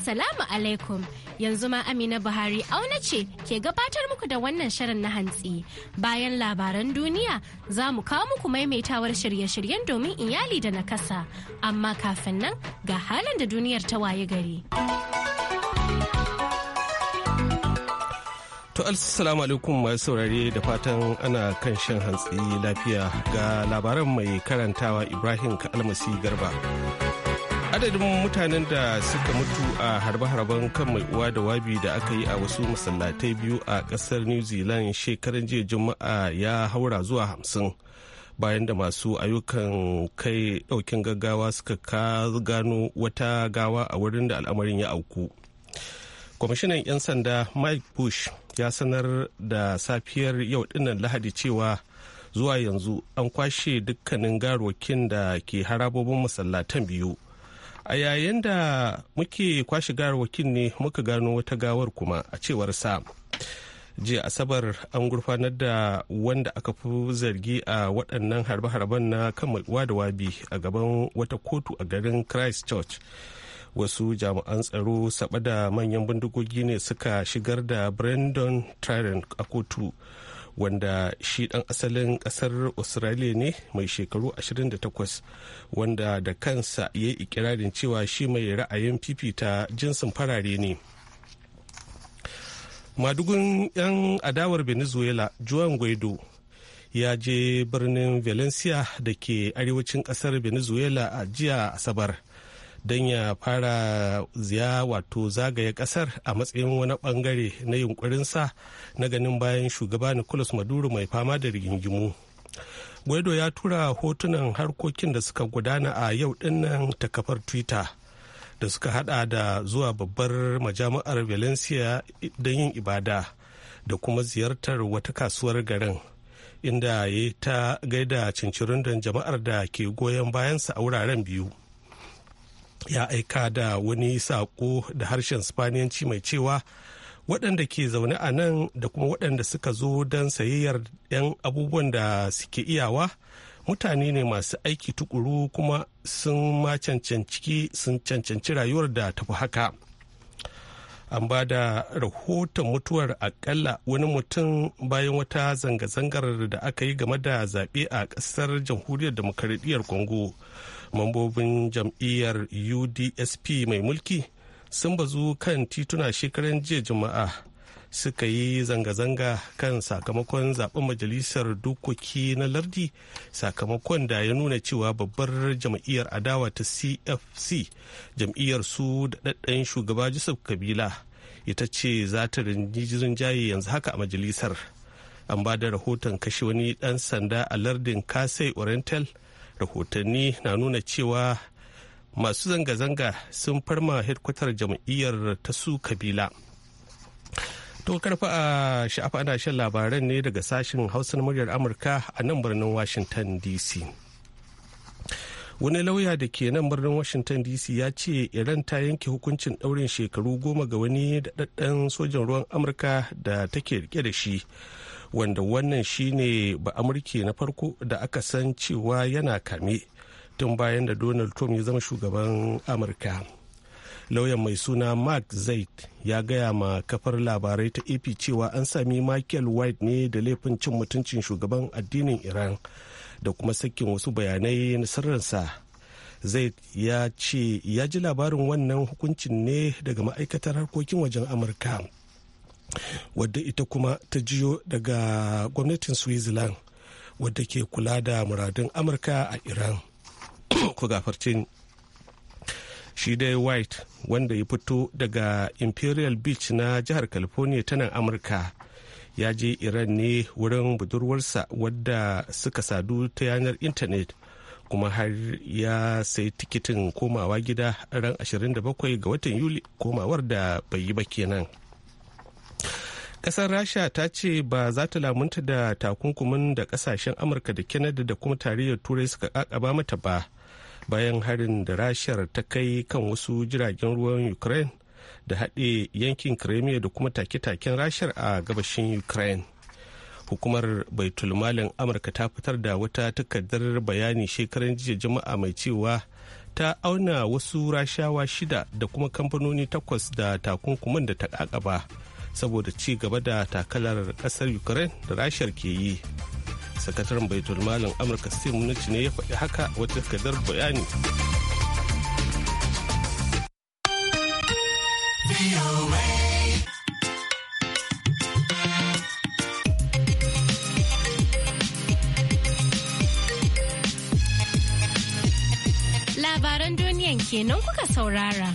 Assalamu alaikum yanzu ma Amina Buhari auna ce ke gabatar muku da wannan shirin na hantsi. Bayan labaran duniya za mu kawo muku maimaitawar shirye-shiryen domin iyali da na kasa Amma kafin nan ga halin da duniyar ta waye gari. To assalamu alaikum masu saurare da fatan ana kan shan hantsi lafiya ga labaran mai karantawa Ibrahim Kalmasi Garba. adadin mutanen da suka mutu a harbe-harben kan mai uwa da wabi da aka yi a wasu masallatai biyu a kasar new zealand shekaran jiya juma'a ya haura zuwa hamsin bayan da masu ayyukan kai daukin gaggawa suka ka gano wata gawa a wurin da al'amarin ya auku kwamishinan 'yan sanda mike bush ya sanar da safiyar yau dinnan lahadi cewa zuwa yanzu an kwashe dukkanin garwakin da ke harabobin masallatan biyu a yayin da muke kwashe gawarwakin ne muka gano wata gawar kuma a cewar sa jiya asabar an gurfanar da wanda aka fi zargi a waɗannan harbe-harben na kan wada wabi a gaban wata kotu a garin christchurch wasu jami'an tsaro saba da manyan bindigogi ne suka shigar da brandon tyrant a kotu wanda shi dan asalin kasar australia ne mai shekaru 28 wanda da kansa ya yi ikirarin cewa shi mai ra'ayin fifita jinsin farare ne madugun 'yan adawar venezuela juan guaido ya je birnin valencia da ke arewacin kasar venezuela a jiya asabar don ya fara ziya wato zagaye kasar a matsayin wani bangare na yunkurinsa na ganin bayan shugaba nicolas maduro mai fama da rigingimu guaido ya tura hotunan harkokin da suka gudana a yau dinnan ta kafar twitter da suka hada da zuwa babbar majami'ar valencia don yin ibada da kuma ziyartar wata kasuwar garin inda ya ta gaida cincirindon jama'ar da ke goyon bayansa a wuraren biyu ya aika da wani saƙo da harshen spaniyanci mai cewa waɗanda ke zaune a nan da kuma waɗanda suka zo don sayayyar 'yan abubuwan da suke iyawa mutane ne masu aiki tukuru kuma sun ma cancanci sun cancanci rayuwar da tafi haka an ba da rahoton mutuwar akalla wani mutum bayan wata zanga-zangar da aka yi game da zaɓe a ƙasar jamhuriyar demokaradiyyar congo mambobin jam'iyyar udsp mai mulki sun bazu kan tituna shekaran jiya juma'a suka yi zanga-zanga kan sakamakon zaben majalisar dokoki na lardi sakamakon da ya nuna cewa babbar jam'iyyar adawa ta cfc jam'iyyar su da ɗaɗɗen shugaba joseph kabila ita ce za ta rinjaye yanzu haka a majalisar an ba da rahoton kashe wani ɗan sanda a lardin kasai oriental rahotanni na nuna cewa masu zanga-zanga sun farma hedkwatar jam'iyyar ta su kabila to karfa a sha'afa ana shan labaran ne daga sashen hausa na muryar amurka a nan birnin washington dc wani lauya da ke nan birnin washington dc ya ce iran ta yanke hukuncin ɗaurin shekaru goma ga wani daɗaɗɗen sojan ruwan amurka da take rike da shi wanda wannan shine ba amurki na farko da aka san cewa yana kame tun bayan da donald trump ya zama shugaban amurka lauyan mai suna mark zait ya gaya ma kafar labarai ta ap cewa an sami michael white ne da laifin cin mutuncin shugaban addinin iran da kuma sakin wasu bayanai na sirrinsa zait ya ce ya ji labarin wannan hukuncin ne daga ma'aikatar harkokin wajen amurka wadda ita kuma ta jiyo daga gwamnatin switzerland wadda ke kula da muradun amurka a iran ku gafarcin shi dai white wanda ya fito daga imperial beach na jihar california ta nan amurka ya je iran ne wurin budurwarsa wadda suka sadu ta yanar intanet kuma har ya sai tikitin komawa gida ran 27 ga watan yuli komawar da bai yi ba kenan kasar rasha ta ce ba za ta lamunta da takunkumin da kasashen amurka da canada da kuma tarayyar turai suka kakaba mata ba bayan harin da rashar ta kai kan wasu jiragen ruwan ukraine da haɗe yankin crimea da kuma take-taken rashar a gabashin ukraine hukumar baitulmalin amurka ta fitar da wata takardar bayani shekaran jiya juma'a mai cewa ta auna wasu rashawa shida da kuma kamfanoni takwas da takunkumin da ta kakaba. saboda ci gaba da takalar kasar ukraine da rashar ke yi sakataren baitul malin amurka steve mnuchin ne ya faɗi haka wata takardar bayani labaran duniyan kenan kuka saurara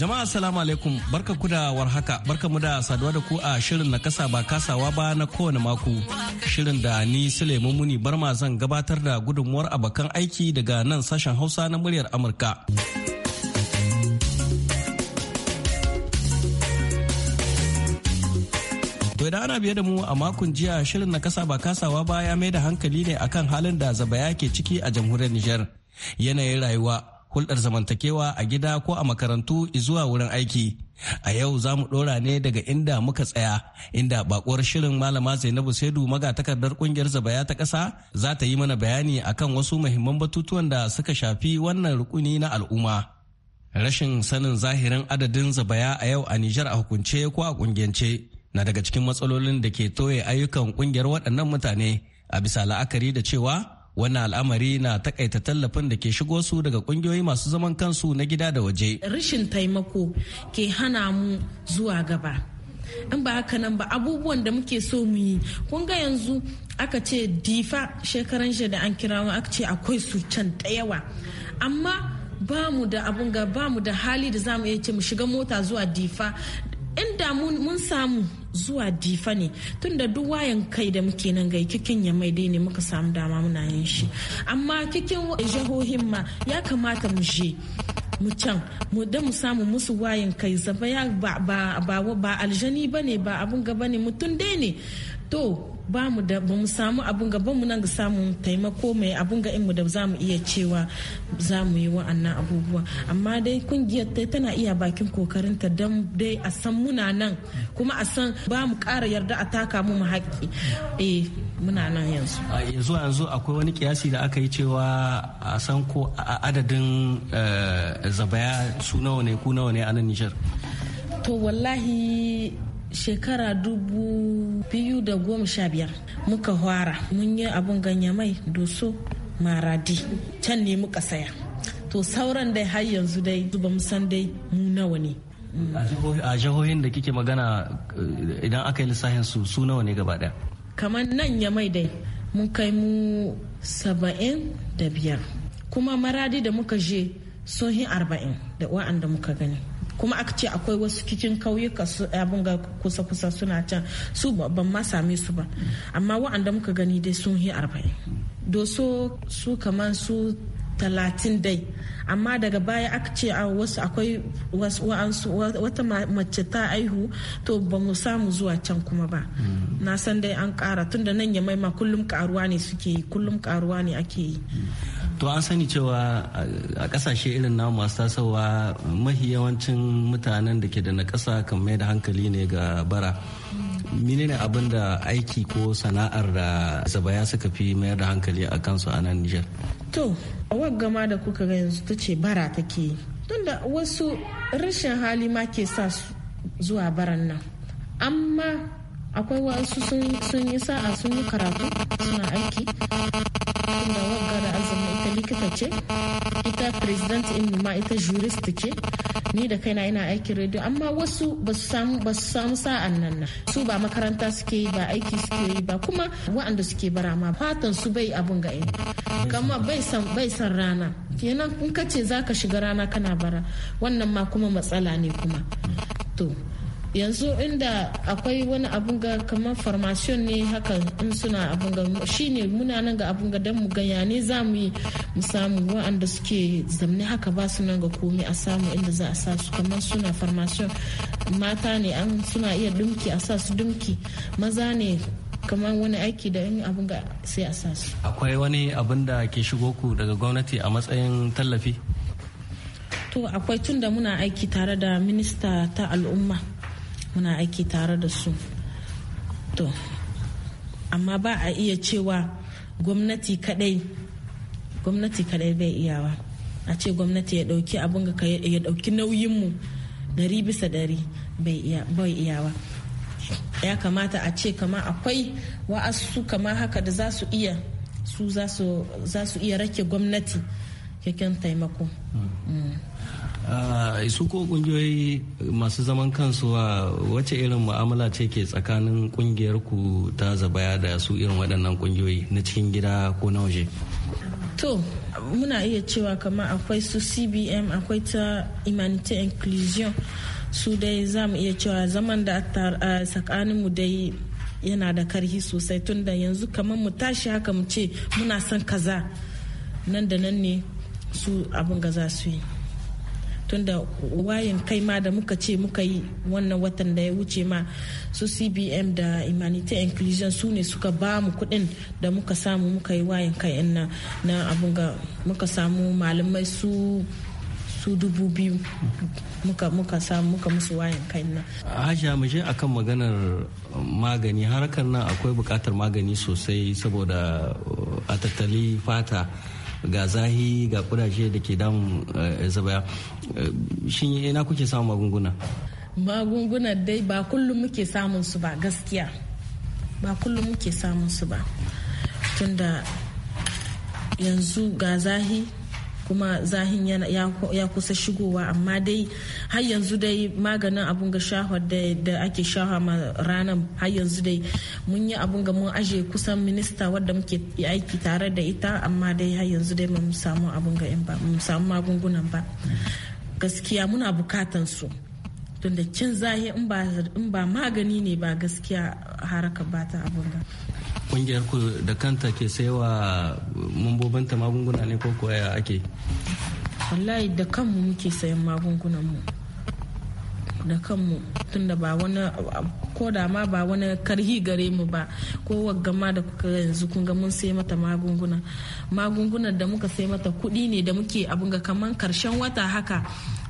Jama'a salamu alaikum barka ku da warhaka barka mu da saduwa da ku a shirin na kasa ba kasawa ba na kowane mako shirin da ni Suleiman Muni Barma zan gabatar da gudunmuwar abokan aiki daga nan sashen Hausa na muryar Amurka. To ana biye da mu a makon jiya shirin na kasa ba kasawa ba ya mai da hankali ne akan halin da zabaya ke ciki a jamhuriyar Nijar yanayin rayuwa hulɗar zamantakewa a gida ko a makarantu zuwa wurin aiki. A yau za mu ɗora ne daga inda muka tsaya, inda bakuwar shirin Malama Zainabu Saidu magatakardar ƙungiyar zabaya ta ƙasa za ta yi mana bayani akan wasu mahimman batutuwan da suka shafi wannan rukuni na al'umma. Rashin sanin zahirin adadin zabaya a yau a Nijar a hukunce ko a ƙungiyance, na daga cikin matsalolin da ke toye ayyukan ƙungiyar waɗannan mutane a bisa la'akari da cewa wannan al'amari na takaita tallafin da ke shigo su daga kungiyoyi masu zaman kansu na gida da waje rashin taimako ke hana mu zuwa gaba in ba haka nan ba abubuwan da muke so mu yi kun ga yanzu aka ce difa shekaran shi da an kira mu aka ce akwai su can da yawa amma ba mu da abun ga ba mu da hali da za mu iya ce mu shiga mota zuwa difa inda mun samu zuwa difa ne tunda duk wayan kai da muke nan gai kikin ya mai dai ne muka samu dama muna yin shi amma kikin jihohin ma ya kamata mu je mu can mu da mu samu musu wayan kai zaba ya ba ba ba aljani bane ba abun gaba ne mutum dai ne to ba mu da ba mu samu abun gaban mu nan ga samun taimako mai abun ga mu da za mu iya cewa za mu yi wa'annan abubuwa amma dai kungiyar ta tana iya bakin kokarinta don dai a san muna nan kuma a san ba mu kara yarda a taka mu mu haƙƙi eh muna nan yanzu yanzu yanzu akwai wani kiyasi da aka yi cewa a san ko adadin eh, zabaya su nawa ne ku nawa ne a nan nishar to wallahi shekara dubu biyu da goma sha biyar muka hwara. mun yi abun ganye mai doso maradi can ne muka saya to sauran dai har yanzu dai ba mu san dai mu nawa ne mm. a jihohin da kike magana eh, idan aka yi lissafin su su nawa ne gaba daya kamar nan ya mai dai mun kai mu saba'in da biyar kuma maradi da muka je sohin arba'in da wa'anda muka gani kuma aka ce akwai wasu cikin kauyuka su abin ga kusa-kusa suna can su ban ma same su ba amma wa'anda muka gani dai sun yi arba'in doso su kamar su talatin dai amma daga baya aka ce a wasu akwai wata mace ta aihu to ba mu samu zuwa can kuma ba mm. na san dai an kara tun da nan ya maima kullum karuwa ne suke yi kullum karuwa ne ake yi mm. to an sani cewa a kasashe irin na masu tasowa mahi yawancin mutanen da ke da na kasa kan mai da hankali ne ga bara mm. menene abin da aiki ko sana'ar da ya suka fi mayar da hankali a kansu a nan Nijar? To, a gama da kuka ga yanzu ta ce bara take tunda wasu rashin hali ma ke sa zuwa baran nan. Amma akwai wasu sun yi sa'a sun yi karatu suna aiki tunda wagga da azumi likita ce ita president in ma ita jurist ce ni da kaina ina aikin radio amma wasu ba su samu sa'an nan na su ba makaranta suke yi ba aiki suke yi ba kuma wa'anda suke bara ma fatan su bai abun ga kama bai san rana kenan in ka ce zaka shiga rana kana bara wannan ma kuma matsala ne kuma to yanzu inda akwai wani abun ga kamar formation ne haka in suna abun ga shi ne muna nan ga abun ga dan mu ganya ne za mu yi mu samu wa'anda suke zamne haka ba su nan ga komi a samu inda za a sa su kamar suna formation mata ne an suna iya dumki a sa su dumki maza ne kamar wani aiki da yin abun ga sai a sa su akwai wani abun da ke shigo ku daga gwamnati a matsayin tallafi to akwai tun da muna aiki tare da minista ta al'umma muna aiki tare da su to amma ba a iya cewa gwamnati kadai gwamnati kadai bai iyawa a ce gwamnati ya dauki abin ga ya dauki nauyinmu dari bisa dari bai iyawa ya kamata a ce kama akwai wa'asu kama haka da za su iya su za su iya rake gwamnati kyakkyan taimako. Hmm. Hmm. Ah, su ko kungiyoyi masu zaman kansu a wace irin mu'amala ce ke tsakanin kungiyar ku ta zabaya da su irin waɗannan kungiyoyi na cikin gida ko na waje to muna iya cewa kamar akwai su cbm akwai ta humanity inclusion su dai za mu iya cewa zaman da tsakanin mu dai yana da karhi sosai tun da yanzu kamar mu tashi haka mu ce muna son kaza nan da nan ne su abin gaza za su yi tunda wayan kai ma da muka ce muka yi wannan watan da ya wuce ma su cbm da humanity inclusion su ne suka ba mu kuɗin da muka samu muka yi wayan kai na abun ga muka samu malamai su su dubu biyu muka muka samu muka musu wayan kai na. aja mu je akan maganar magani harkar nan akwai bukatar magani sosai saboda uh, a tattali fata ga zahi ga kudaje da ke damun eh, zabaya eh, shin ina kuke samun magunguna magunguna dai ba kullum muke samun su ba gaskiya ba kullum muke samun su ba tunda yanzu ga zahi kuma zahin ya kusa shigowa amma dai har yanzu dai maganin abun ga shahar da ake shaha ma ranar har yanzu dai mun yi abun ga mun aje kusan minista wadda muke aiki tare da ita amma dai har yanzu dai mun samu ba magungunan ba gaskiya muna bukatan su tunda kin zahi in ba magani ne ba gaskiya haraka ba ta abun ga kungiyar ku da kanta ke saiwa mambobanta magunguna ne ko kuwa ake wallahi da kanmu muke sayan magungunan mu da kanmu tunda ba wani ko da ma ba wani karhi gare mu ba ko gama da kuka yanzu kun ga mun sai mata magunguna magungunan da muka sai mata kuɗi ne da muke abun ga kaman karshen wata haka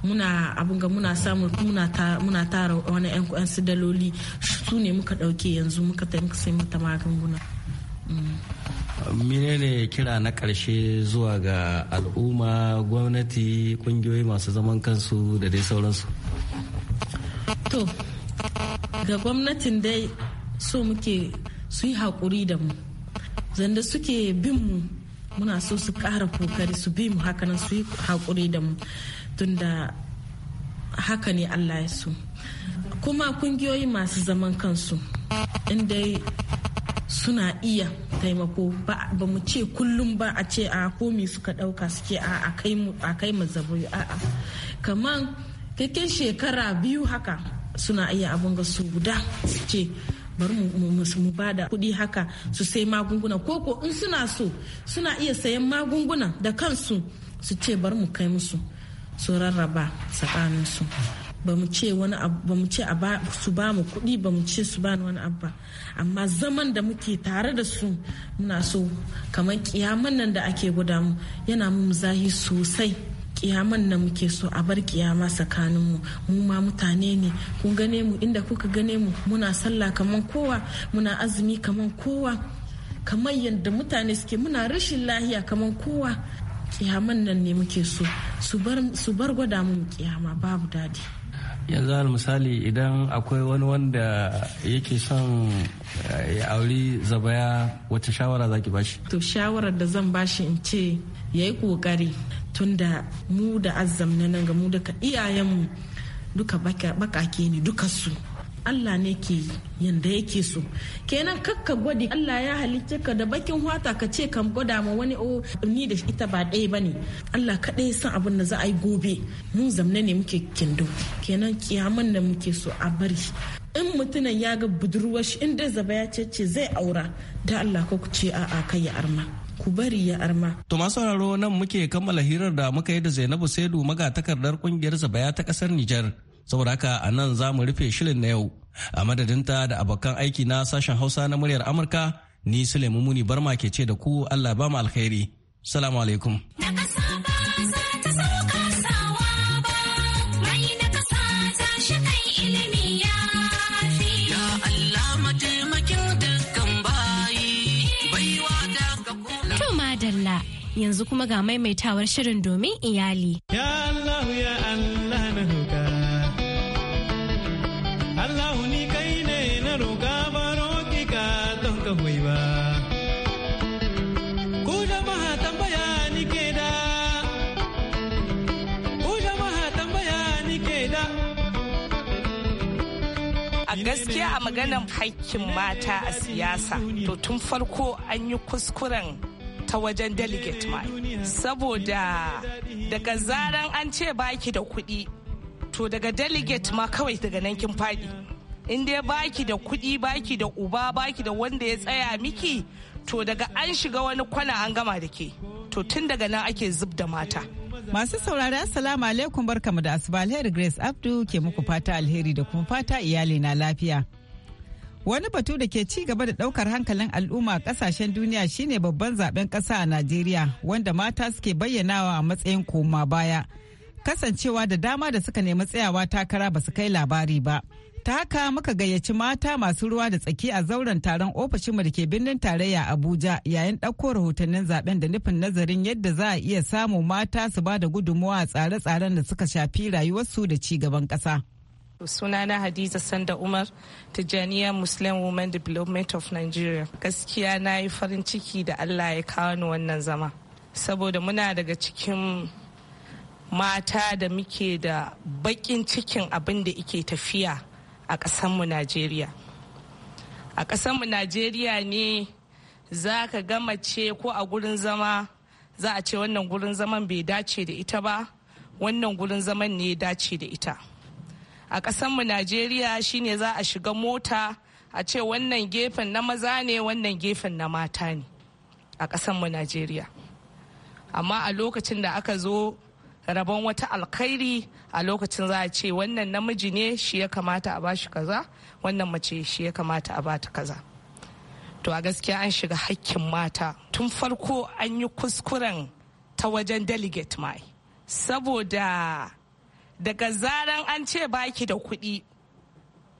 muna abin muna samu muna tara wani yan su daloli su ne muka dauke yanzu muka ta sai mata magunguna mm. menene kira na karshe zuwa ga al'umma gwamnati kungiyoyi masu zaman kansu da dai sauransu to ga gwamnatin dai so muke su yi haƙuri da mu zanda suke bin mu muna so su ƙara kokari su bi mu hakanan su yi haƙuri da mu tunda haka ne allah ya so kuma kungiyoyi masu zaman kansu inda suna iya taimako ba mu ce kullum ba a ce a komi suka dauka suke a kai mu zaboyi a kamar cikin shekara biyu haka suna iya abin ga su guda su ce bari mu ba da kudi haka su sai magunguna koko in suna so suna iya sayan magunguna da kansu su ce bari mu kai musu su rarraba tsakaninsu ba mu ce ba su ba mu kuɗi ba mu ce su ba wani abu amma zaman da muke tare da su muna so kamar kiyaman nan da ake guda mu yana mu zahi sosai kiyaman nan muke so a bar kiyama tsakanin mu mu ma mutane ne kun gane mu inda kuka gane mu muna sallah kaman kowa muna azumi kaman kowa kamar yadda mutane suke muna rashin lahiya kaman kowa kiyaman nan ne muke so su bar gwada mun kiyama babu dadi yanzu al misali idan akwai wani wanda yake son eh, ya auri zabaya wata shawara za bashi to shawarar da zan bashi in ce ya yi kokari tunda mu da azam na nan ga mu daga iyayenmu duka bakake ne duka su Allah ne ke yi yanda yake so kenan kakka gwadi Allah ya halicce ka da bakin hwata ka ce kan gwada ma wani o oh, ni da ita ba ɗaya ba ne Allah kaɗai san abin da za a yi gobe mun zamne ne muke kindo kenan kiyaman da muke so a bari in mutumin ya ga budurwar shi in zaba ya ce zai aura da Allah ka ku ce a'a kai ya arma ku bari ya arma. To masu sauraro nan muke kammala hirar da muka yi da Zainabu Saidu magatakardar kungiyar zabaya ta kasar Nijar saboda haka a nan za mu rufe shirin na yau a madadinta da abokan aiki na sashen hausa na muryar amurka ni sulaimu muni barma ke ce da ku allah ba mu alkhairi salamu alaikum yanzu kuma ga maimaitawar shirin domin iyali. gaskiya a maganan haƙƙin mata a siyasa to tun farko an yi kuskuren ta wajen delegate ma saboda daga zaran an ce baki da kuɗi to daga delegate ma kawai daga nan kin faɗi in dai baki da kuɗi baki da uba baki da wanda ya tsaya miki to daga an shiga wani kwana an gama da ke to tun daga nan ake zub da mata Masu saurari Assalamu alaikum barkamu da asuba alheri Grace Abdu ke muku fata alheri da kuma fata iyali na lafiya. Wani batu da ke ci gaba da daukar hankalin al'umma a kasashen duniya shine babban zaben kasa a Najeriya wanda mata suke bayyanawa a matsayin koma baya. Kasancewa da dama da suka nemi tsayawa takara ba su kai labari ba. ta haka muka gayyaci mata masu ruwa da tsaki a zauren taron ofishinmu da ke birnin tarayya abuja yayin ɗauko rahotannin zaben da nufin nazarin yadda za a iya samu mata su ba da gudunmuwa a tsare-tsaren da suka shafi rayuwarsu da ci gaban ƙasa. sunana hadiza sanda umar tijaniya muslim women development of nigeria gaskiya na yi farin ciki da allah ya kawo ni wannan zama saboda muna daga cikin mata da muke da bakin cikin abin da ike tafiya a ƙasanmu najeriya a mu najeriya ne za ka ga mace ko a gurin zama za a ce wannan gurin zaman bai dace da ita ba wannan gurin zaman ne ya dace da ita a ƙasanmu najeriya shine za a shiga mota a ce wannan gefen na maza ne wannan gefen na mata ne a ƙasanmu najeriya amma a lokacin da aka zo rabon wata alkhairi a lokacin za a ce wannan namiji ne shi ya kamata a ba shi kaza wannan mace shi ya kamata a ba ta kaza to a gaskiya an shiga hakkin mata tun farko an yi kuskuren ta wajen delegate mai saboda daga zaran an ce baki da kuɗi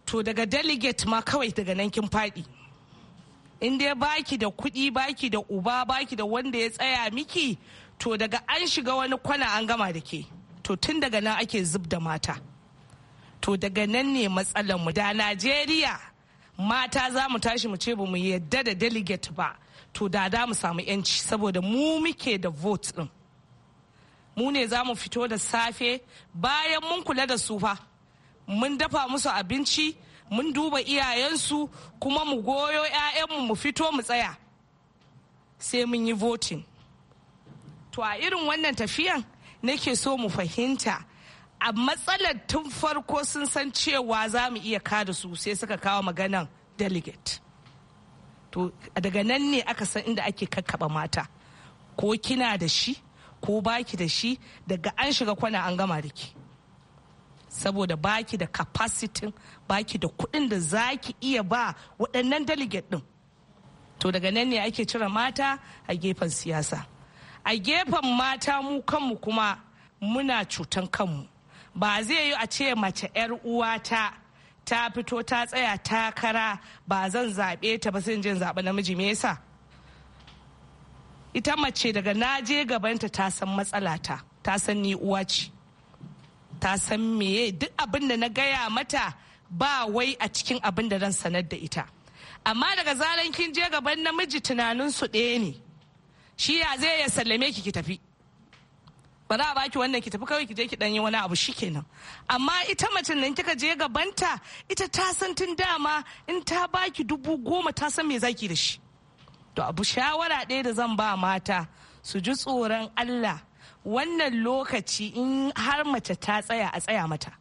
to daga delegate ma kawai daga nan kin faɗi in dai baki da kuɗi baki da uba baki da wanda ya tsaya miki to daga an shiga wani kwana an gama da ke to tun daga nan ake zub da mata to daga nan ne mu da najeriya mata za mu tashi mu ce ba mu yadda da delegate ba to da da mu samu yanci saboda mu muke da vote din mu ne za mu fito da safe bayan mun kula da su fa mun dafa musu abinci mun duba iyayensu kuma mu goyo 'ya'yanmu mu fito mu tsaya sai mun yi voting to a irin wannan tafiyan nake so mu fahimta a matsalar tun farko sun san cewa za mu iya kada su sai suka kawo maganan delegate to daga nan ne aka san inda ake kakkaba mata ko kina da shi ko baki da shi daga an shiga kwana an gama da ki saboda baki da capacity baki da kudin da zaki iya ba waɗannan delegate ɗin to daga nan ne ake cire mata a gefen siyasa a gefen mata mu kanmu kuma muna cutan kanmu ba zai yi a ce mace 'yar uwata ta fito ta tsaya takara ba zan zaɓe ta ba sai jin zaɓi namiji me yasa ita mace daga naje gabanta ta san matsalata ta san ni uwa ce ta san meye duk abin da na gaya mata ba wai a cikin abin da zan sanar da ita amma daga zaran kin je gaban namiji tunanin su ɗaya ne shi ya zai ya sallame ki ki tafi ba za a baki wannan ki tafi kawai ki je ki dan yi wani abu shikenan amma ita mace nan kika je gabanta ita ta san tun dama in ta baki dubu goma ta san me zaki da shi to abu shawara ɗaya da zan ba mata su ji tsoron Allah wannan lokaci in har mace ta tsaya a tsaya mata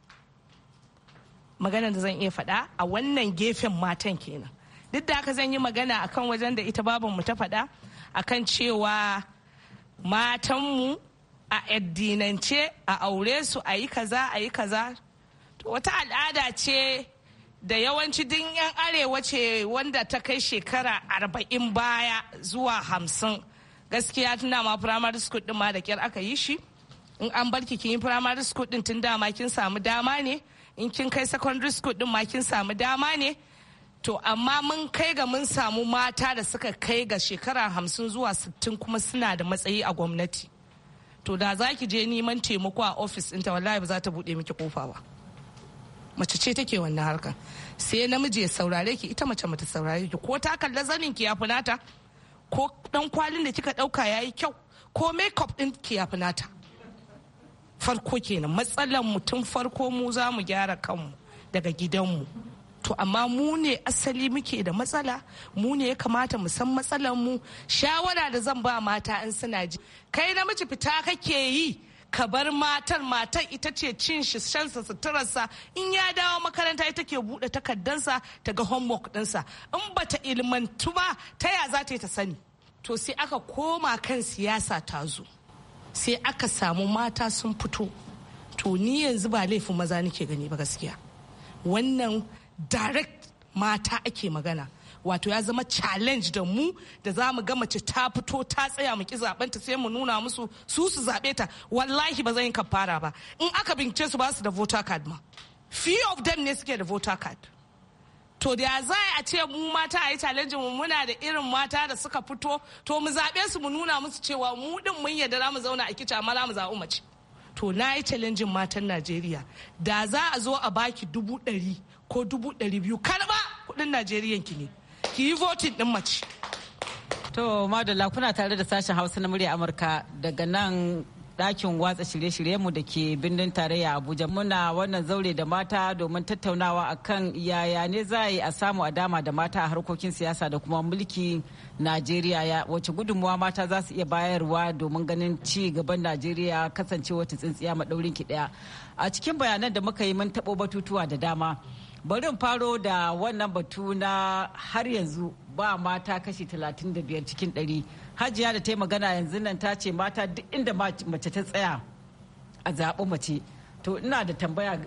maganar da zan iya faɗa a wannan gefen matan kenan duk da haka zan yi magana akan wajen da ita babanmu ta faɗa akan cewa matanmu a addinance a aure su a yi kaza a yi kaza wata al'ada ce da yawanci din 'yan arewa ce wanda ta kai shekara arba'in baya zuwa hamsin gaskiya tun dama primary school din ma da kyar aka yi shi in an barki kin yi primary school din tun dama kin samu dama ne in kin kai secondary school din ma kin samu dama ne To amma mun kai ga mun samu mata da suka kai ga shekara hamsin zuwa sittin kuma suna da matsayi a gwamnati. To da za ki je neman taimako a ofis ɗinta wallahi ba za ta buɗe miki kofa ba. Mace ce take wannan harkar. Sai namiji ya saurare ki ita mace mata saurare ki ko ta kalla zanin ki ya funata ko dan kwalin da kika ɗauka yayi kyau ko makeup ɗin ki ya funata. Farko kenan matsalar mu tun farko mu za mu gyara kanmu daga gidanmu. to amma mu ne asali muke da matsala mu ne ya kamata mu san matsalar mu shawara da zan ba mata in suna ji kai namiji fita kake yi ka bar matar matar ita ce cin shi shansa suturarsa in ya dawo makaranta ita ke buɗe takardansa ta ga homework ɗinsa in bata ilmantu ba ta ya za ta yi ta sani to sai aka koma kan siyasa ta zo sai aka samu mata sun fito to ni yanzu ba laifin maza nake gani ba gaskiya wannan direct mata ake magana wato ya zama challenge da mu da za mu ga mace ta fito ta tsaya mu ki zabanta sai mu nuna musu su su zabe ta wallahi ba zan yi kafara ba in aka bincike su ba su da voter card ma few of them ne suke da voter card to da za a ce mu mata a yi challenge mu muna da irin mata da suka fito to mu zabe su mu nuna musu cewa mu din mun yarda za mu zauna a kici amma za mu zabi mace to na yi challenge matan Najeriya da za a zo a baki dubu ɗari ko dubu ɗari biyu karɓa kuɗin najeriyan ki ne ki yi votin ɗin mace to madalla kuna tare da sashen hausa na murya amurka daga nan ɗakin watsa shirye mu da ke birnin tarayya abuja muna wannan zaure da mata domin tattaunawa akan yaya ne za a yi a samu a dama da mata a harkokin siyasa da kuma mulki najeriya ya wace gudunmuwa mata za su iya bayarwa domin ganin ci gaban najeriya kasancewa ta tsintsiya maɗaurin ki ɗaya a cikin bayanan da muka yi mun taɓo batutuwa da dama bari faro da wannan batu na har yanzu ba mata kashi 35 cikin 100 hajiya da ta yi magana yanzu nan ta ce mata duk inda mace ta tsaya a zaɓi mace to ina da tambaya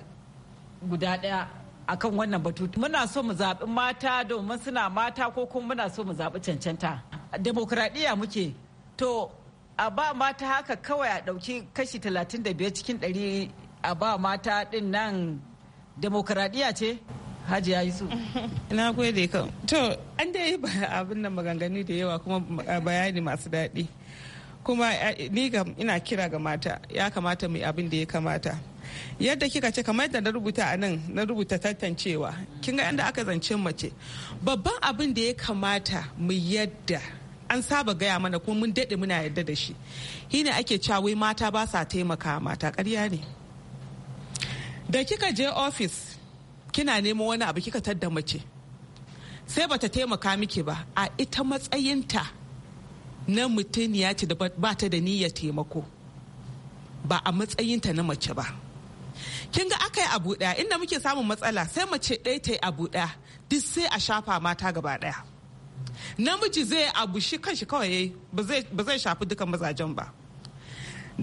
guda ɗaya akan wannan batu muna so mu zaɓi mata domin suna mata ko kuma muna so mu zaɓi cancanta Demokuraɗiyya muke to a ba mata haka kawai a ɗauki kashi 35 cikin 100 a ba mata ɗin nan demokradiya ce hajiya yusuf na gode ka to an da yi abin nan maganganu da yawa kuma bayani masu daɗi kuma eh, ni ga, ina kira ga mata ya kamata mai abin da ya kamata yadda kika ce kamar yadda na rubuta a nan na rubuta tantancewa kin ga yadda aka zance mace babban abin da ya kamata mu yadda an saba gaya mana kuma mun daɗe muna yadda da shi Hina ake cewa wai mata ba sa taimaka mata ƙarya ne da kika je ofis kina nemo wani abu kika tadda mace sai bata taimaka miki ba a ita matsayinta na mutum ya ce da ba ta da niyyar taimako ba a matsayinta na mace ba kin ga aka yi abu daya inda muke samun matsala sai mace ɗaya ta yi abu daya duk sai a shafa mata gaba daya namiji zai abu shi kanshi kawai ba zai shafi dukan mazajen ba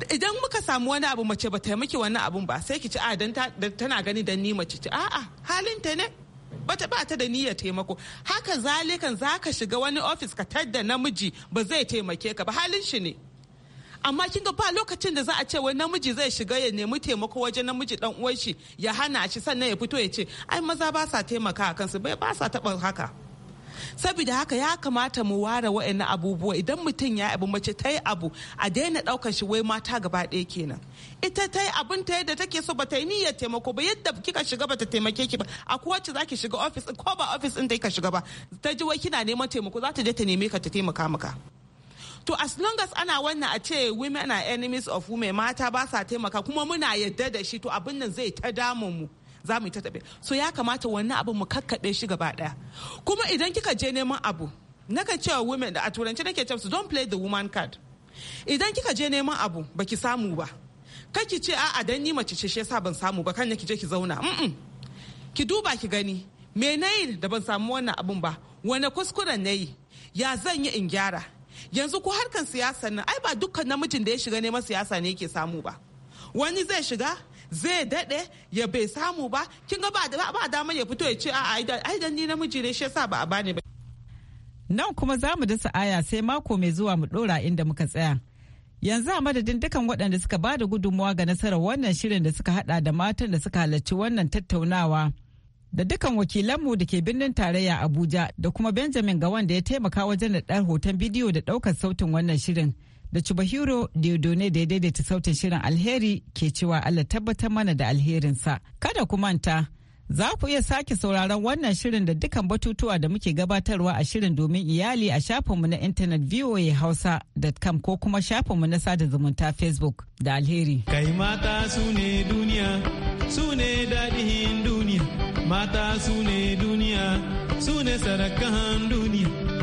idan muka samu wani abu mace ba ta miki wannan abun ba sai ki ci ah, a dan tana gani dan ni mace ci a'a halinta ne bata ba ta da niyyar taimako haka zalikan zaka shiga wani ofis ka tadda namiji ba zai taimake ka ba halin shi ne amma kin ga ba lokacin da za a ce wani namiji zai shiga ya nemi taimako wajen namiji dan uwan shi ya hana shi sannan ya fito ya ce ai maza ba sa taimaka kansu bai ba sa taba haka saboda haka ya kamata mu ware wa'annan abubuwa idan mutum ya abu mace ta yi abu a daina ɗaukar shi wai mata gaba ɗaya kenan ita ta yi abin ta yadda take so bata yi niyyar taimako ba yadda kika shiga bata taimake ki ba a kowace zaki shiga ofis ko ba ofis din ka shiga ba ta ji wai kina neman taimako za ta je ta neme ka ta taimaka maka to as long as ana wannan a ce women are enemies of women mata ba sa taimaka kuma muna yadda da shi to abin nan zai ta damun mu za mu yi ta so ya kamata wani abu mu kakkaɓe shi gaba ɗaya kuma idan kika je neman abu ka cewa women da a turanci nake cewa su don play the woman card idan kika je neman abu baki samu ba kaki ce a'a dan ni mace ce shi yasa ban samu ba kan ki je ki zauna ki duba ki gani me yi da ban samu wannan abun ba wane kuskuren nayi ya zan yi in gyara yanzu ko harkan siyasa nan ai ba dukkan namijin da ya shiga neman siyasa ne yake samu ba wani zai shiga zai daɗe ya bai samu ba kin ga ba dama ya fito ya ce a Idan ni namiji ne shi yasa ba a bani ba nan kuma za mu dasa aya sai mako mai zuwa mu ɗora inda muka tsaya yanzu a madadin dukan waɗanda suka ba da gudunmawa ga nasarar wannan shirin da suka hada da matan da suka halarci wannan tattaunawa da dukan wakilanmu da ke birnin tarayya abuja da kuma benjamin ga wanda ya taimaka wajen da hoton bidiyo da ɗaukar sautin wannan shirin da Chubahiro Diodone da ya daidaita sautin shirin alheri ke cewa Allah tabbatar mana da alherinsa. Kada ku manta, za ku iya sake sauraron wannan shirin da dukkan batutuwa da muke gabatarwa a shirin domin iyali a shafinmu na intanet voahausa.com ko kuma shafinmu na sada zumunta Facebook da alheri. Kai mata su ne duniya, su ne dadihin duniya, mata su ne duniya, su ne duniya.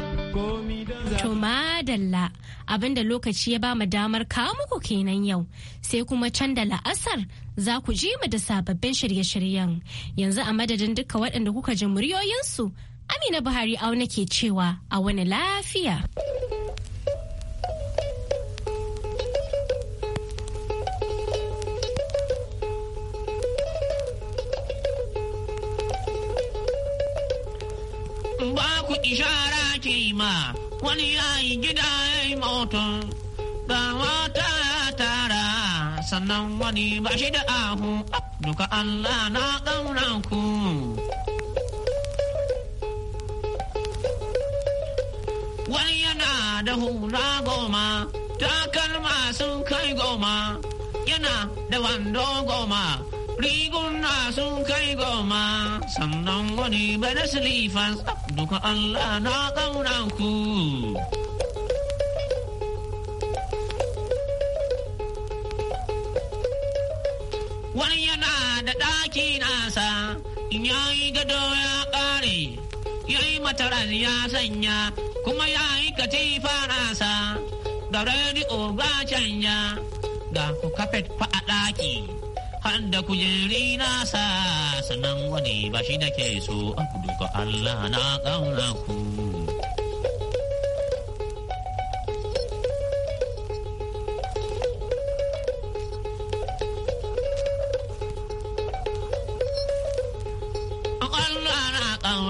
To madalla abinda lokaci ya bamu damar kawo muku kenan yau sai kuma can da la'asar za ku ji mu da sababbin shirye-shiryen yanzu a madadin duka waɗanda kuka ji muryoyinsu Amina Buhari auna ke cewa a wani lafiya. in ba ku ishara ke ma wani yi gida ya yi motun ga wata tara sannan wani ba shi da ahu duka Allah na ɗaura ku. Wani yana da hula goma, takalma sun kai goma, yana da wando goma. na sun kai goma sannan wani bane silifan duka Allah na ƙaunan ku. Wani yana da ɗaki nasa in yayi gado ya ƙare, yayi mataran ya sanya kuma yayi katifa nasa da rediyo ga canja ga ku kafet fa a ɗaki. Handa kujeri na sa sanan wani ba shi da ke so a duka Allah na ƙaura ku.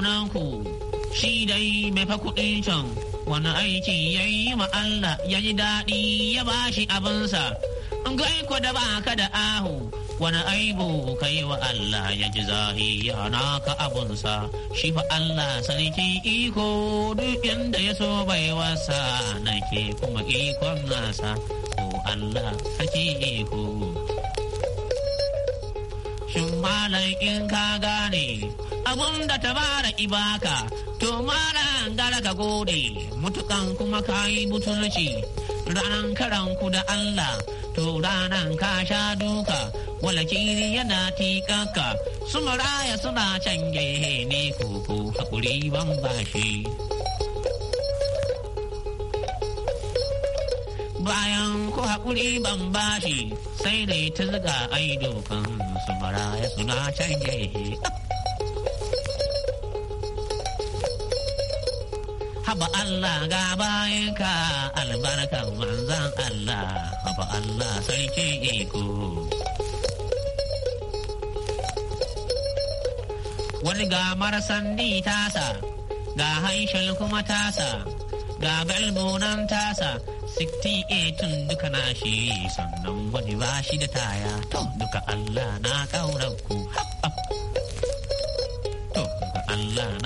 na shi dai bai fa kuɗin can wani aiki ya yi ma Allah ya ji daɗi ya bashi abinsa. Gai ku da baka da ahu wani aibu kai wa Allah ya ji zahi na ka abunsa shi fa Allah sarki iko duk inda ya so bai wasa na ke kuma ikon nasa ko Allah sarki iko shin malam in ka gane abun da bara ibaka to malam gara ka gode mutukan kuma ka yi mutunci ranan karanku da Allah to ranan ka sha duka Wala walakiri yana tikaka su maraya suna canje gehe ne koko hakuri ban bashi bayan ku hakuri ban bashi sai dai ta zuga ai dokan su maraya suna canje haba Allah ga bayanka albarkar manzan Allah haba Allah sarki iko. wani ga marasan ni tasa ga haishal kuma tasa ga galbonan tasa 68 e duka na shi sannan wani ba shi da taya to duka Allah na ƙaunar ku Allah na